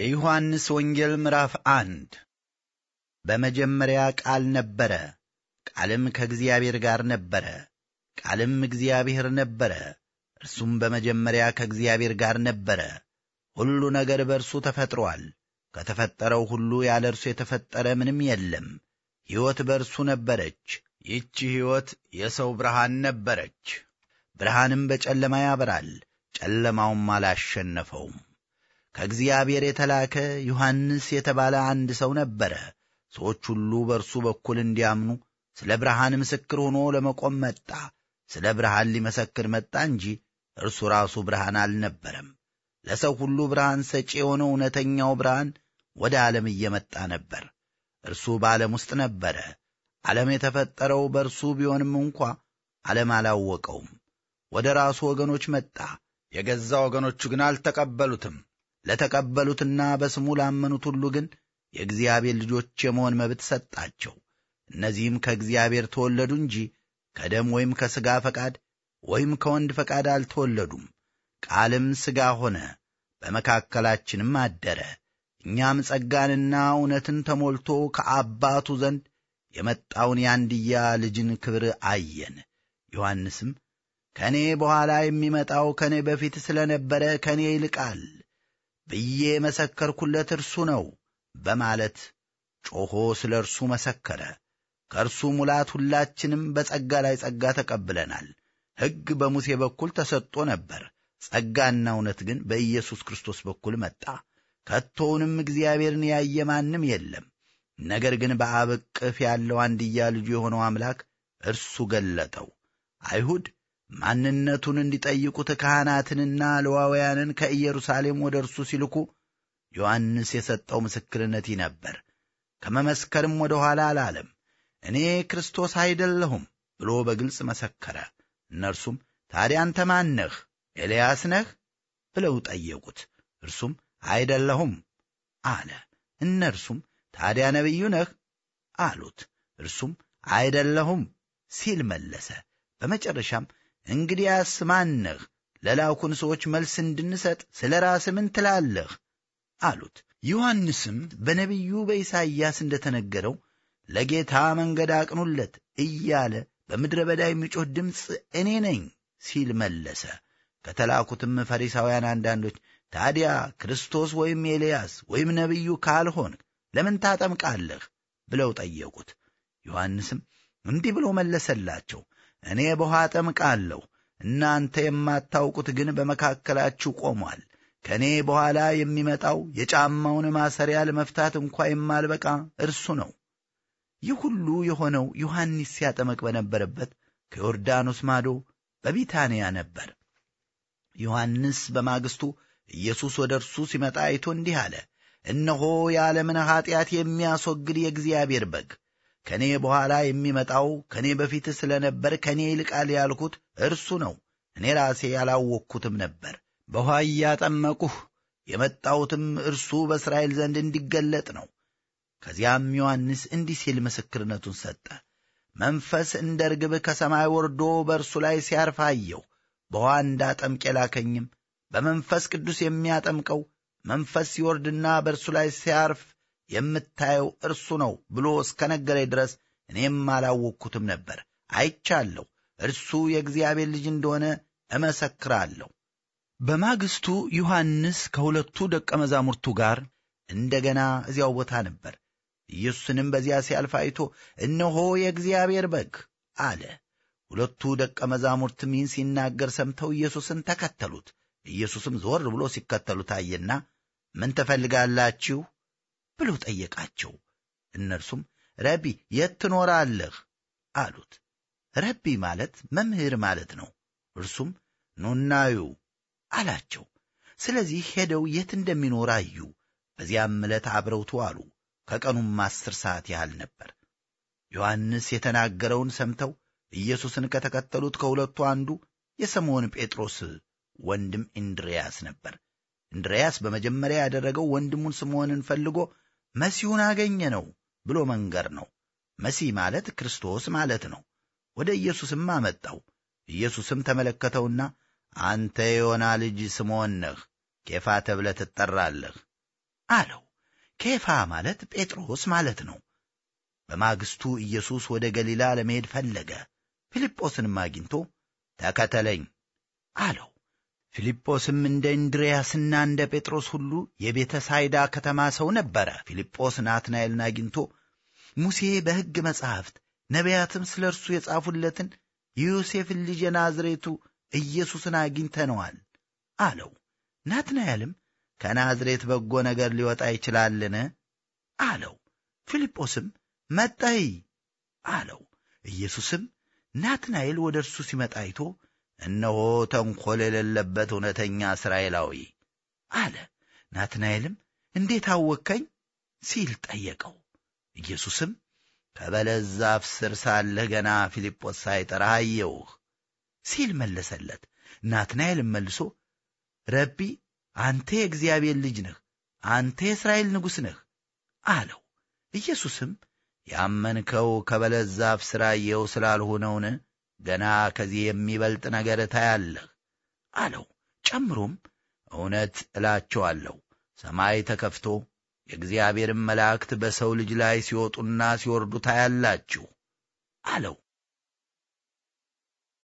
የዮሐንስ ወንጌል ምዕራፍ አንድ በመጀመሪያ ቃል ነበረ፣ ቃልም ከእግዚአብሔር ጋር ነበረ፣ ቃልም እግዚአብሔር ነበረ። እርሱም በመጀመሪያ ከእግዚአብሔር ጋር ነበረ። ሁሉ ነገር በእርሱ ተፈጥሮአል። ከተፈጠረው ሁሉ ያለ እርሱ የተፈጠረ ምንም የለም። ሕይወት በእርሱ ነበረች፣ ይቺ ሕይወት የሰው ብርሃን ነበረች። ብርሃንም በጨለማ ያበራል፣ ጨለማውም አላሸነፈውም። ከእግዚአብሔር የተላከ ዮሐንስ የተባለ አንድ ሰው ነበረ። ሰዎች ሁሉ በእርሱ በኩል እንዲያምኑ ስለ ብርሃን ምስክር ሆኖ ለመቆም መጣ። ስለ ብርሃን ሊመሰክር መጣ እንጂ እርሱ ራሱ ብርሃን አልነበረም። ለሰው ሁሉ ብርሃን ሰጪ የሆነው እውነተኛው ብርሃን ወደ ዓለም እየመጣ ነበር። እርሱ በዓለም ውስጥ ነበረ። ዓለም የተፈጠረው በእርሱ ቢሆንም እንኳ ዓለም አላወቀውም። ወደ ራሱ ወገኖች መጣ፣ የገዛ ወገኖቹ ግን አልተቀበሉትም። ለተቀበሉትና በስሙ ላመኑት ሁሉ ግን የእግዚአብሔር ልጆች የመሆን መብት ሰጣቸው። እነዚህም ከእግዚአብሔር ተወለዱ እንጂ ከደም ወይም ከሥጋ ፈቃድ ወይም ከወንድ ፈቃድ አልተወለዱም። ቃልም ሥጋ ሆነ፣ በመካከላችንም አደረ። እኛም ጸጋንና እውነትን ተሞልቶ ከአባቱ ዘንድ የመጣውን የአንድያ ልጅን ክብር አየን። ዮሐንስም ከእኔ በኋላ የሚመጣው ከእኔ በፊት ስለ ነበረ ከእኔ ይልቃል ብዬ መሰከርኩለት እርሱ ነው በማለት ጮኾ ስለ እርሱ መሰከረ። ከእርሱ ሙላት ሁላችንም በጸጋ ላይ ጸጋ ተቀብለናል። ሕግ በሙሴ በኩል ተሰጥቶ ነበር። ጸጋና እውነት ግን በኢየሱስ ክርስቶስ በኩል መጣ። ከቶውንም እግዚአብሔርን ያየ ማንም የለም። ነገር ግን በአብ እቅፍ ያለው አንድያ ልጁ የሆነው አምላክ እርሱ ገለጠው። አይሁድ ማንነቱን እንዲጠይቁት ካህናትንና ለዋውያንን ከኢየሩሳሌም ወደ እርሱ ሲልኩ ዮሐንስ የሰጠው ምስክርነት ነበር። ከመመስከርም ወደ ኋላ አላለም። እኔ ክርስቶስ አይደለሁም ብሎ በግልጽ መሰከረ። እነርሱም ታዲያ አንተ ማን ነህ? ኤልያስ ነህ? ብለው ጠየቁት። እርሱም አይደለሁም አለ። እነርሱም ታዲያ ነቢዩ ነህ? አሉት። እርሱም አይደለሁም ሲል መለሰ። በመጨረሻም እንግዲያስ ማነህ? ለላኩን ሰዎች መልስ እንድንሰጥ ስለ ራስ ምን ትላለህ? አሉት። ዮሐንስም በነቢዩ በኢሳይያስ እንደ ተነገረው ለጌታ መንገድ አቅኑለት እያለ በምድረ በዳ የሚጮህ ድምፅ እኔ ነኝ ሲል መለሰ። ከተላኩትም ፈሪሳውያን አንዳንዶች ታዲያ ክርስቶስ ወይም ኤልያስ ወይም ነቢዩ ካልሆን ለምን ታጠምቃለህ? ብለው ጠየቁት። ዮሐንስም እንዲህ ብሎ መለሰላቸው እኔ በውሃ አጠምቃለሁ፣ እናንተ የማታውቁት ግን በመካከላችሁ ቆሟል። ከእኔ በኋላ የሚመጣው የጫማውን ማሰሪያ ለመፍታት እንኳ የማልበቃ እርሱ ነው። ይህ ሁሉ የሆነው ዮሐንስ ሲያጠመቅ በነበረበት ከዮርዳኖስ ማዶ በቢታንያ ነበር። ዮሐንስ በማግስቱ ኢየሱስ ወደ እርሱ ሲመጣ አይቶ እንዲህ አለ፣ እነሆ የዓለምን ኀጢአት የሚያስወግድ የእግዚአብሔር በግ፣ ከእኔ በኋላ የሚመጣው ከእኔ በፊት ስለ ነበር ከእኔ ይልቃል ያልኩት እርሱ ነው። እኔ ራሴ ያላወቅኩትም ነበር። በውኃ እያጠመቁህ የመጣሁትም እርሱ በእስራኤል ዘንድ እንዲገለጥ ነው። ከዚያም ዮሐንስ እንዲህ ሲል ምስክርነቱን ሰጠ። መንፈስ እንደ ርግብ ከሰማይ ወርዶ በእርሱ ላይ ሲያርፍ አየሁ። በውኃ እንዳጠምቅ የላከኝም በመንፈስ ቅዱስ የሚያጠምቀው መንፈስ ሲወርድና በእርሱ ላይ ሲያርፍ የምታየው እርሱ ነው ብሎ እስከነገረኝ ድረስ እኔም አላወቅኩትም ነበር። አይቻለሁ፣ እርሱ የእግዚአብሔር ልጅ እንደሆነ እመሰክራለሁ። በማግስቱ ዮሐንስ ከሁለቱ ደቀ መዛሙርቱ ጋር እንደገና እዚያው ቦታ ነበር። ኢየሱስንም በዚያ ሲያልፍ አይቶ እነሆ የእግዚአብሔር በግ አለ። ሁለቱ ደቀ መዛሙርት ሚን ሲናገር ሰምተው ኢየሱስን ተከተሉት። ኢየሱስም ዞር ብሎ ሲከተሉት አየና ምን ትፈልጋላችሁ ብሎ ጠየቃቸው። እነርሱም ረቢ የት ትኖራለህ አሉት። ረቢ ማለት መምህር ማለት ነው። እርሱም ኑናዩ አላቸው። ስለዚህ ሄደው የት እንደሚኖር አዩ። በዚያም ዕለት አብረውቱ አሉ። ከቀኑም አስር ሰዓት ያህል ነበር። ዮሐንስ የተናገረውን ሰምተው ኢየሱስን ከተከተሉት ከሁለቱ አንዱ የስምዖን ጴጥሮስ ወንድም እንድርያስ ነበር። እንድርያስ በመጀመሪያ ያደረገው ወንድሙን ስምዖንን ፈልጎ መሲሁን አገኘ ነው ብሎ መንገር ነው። መሲህ ማለት ክርስቶስ ማለት ነው። ወደ ኢየሱስም አመጣው። ኢየሱስም ተመለከተውና አንተ የዮና ልጅ ስምዖን ነህ፣ ኬፋ ተብለ ትጠራለህ አለው። ኬፋ ማለት ጴጥሮስ ማለት ነው። በማግስቱ ኢየሱስ ወደ ገሊላ ለመሄድ ፈለገ። ፊልጶስንም አግኝቶ ተከተለኝ አለው። ፊልጶስም እንደ እንድርያስና እንደ ጴጥሮስ ሁሉ የቤተ ሳይዳ ከተማ ሰው ነበረ። ፊልጶስ ናትናኤልን አግኝቶ ሙሴ በሕግ መጻሕፍት ነቢያትም ስለ እርሱ የጻፉለትን የዮሴፍን ልጅ የናዝሬቱ ኢየሱስን አግኝተነዋል አለው። ናትናኤልም ከናዝሬት በጎ ነገር ሊወጣ ይችላልን? አለው። ፊልጶስም መጣይ አለው። ኢየሱስም ናትናኤል ወደ እርሱ ሲመጣ አይቶ እነሆ ተንኰል የሌለበት እውነተኛ እስራኤላዊ አለ። ናትናኤልም እንዴት አወከኝ ሲል ጠየቀው። ኢየሱስም ከበለስ ዛፍ ስር ሳለህ ገና ፊልጶስ ሳይጠራህ አየውህ ሲል መለሰለት። ናትናኤልም መልሶ ረቢ አንተ የእግዚአብሔር ልጅ ነህ፣ አንተ የእስራኤል ንጉሥ ነህ አለው። ኢየሱስም ያመንከው ከበለስ ዛፍ ስር ስላልሆነውን ገና ከዚህ የሚበልጥ ነገር ታያለህ አለው። ጨምሮም እውነት እላቸዋለሁ ሰማይ ተከፍቶ የእግዚአብሔርን መላእክት በሰው ልጅ ላይ ሲወጡና ሲወርዱ ታያላችሁ አለው።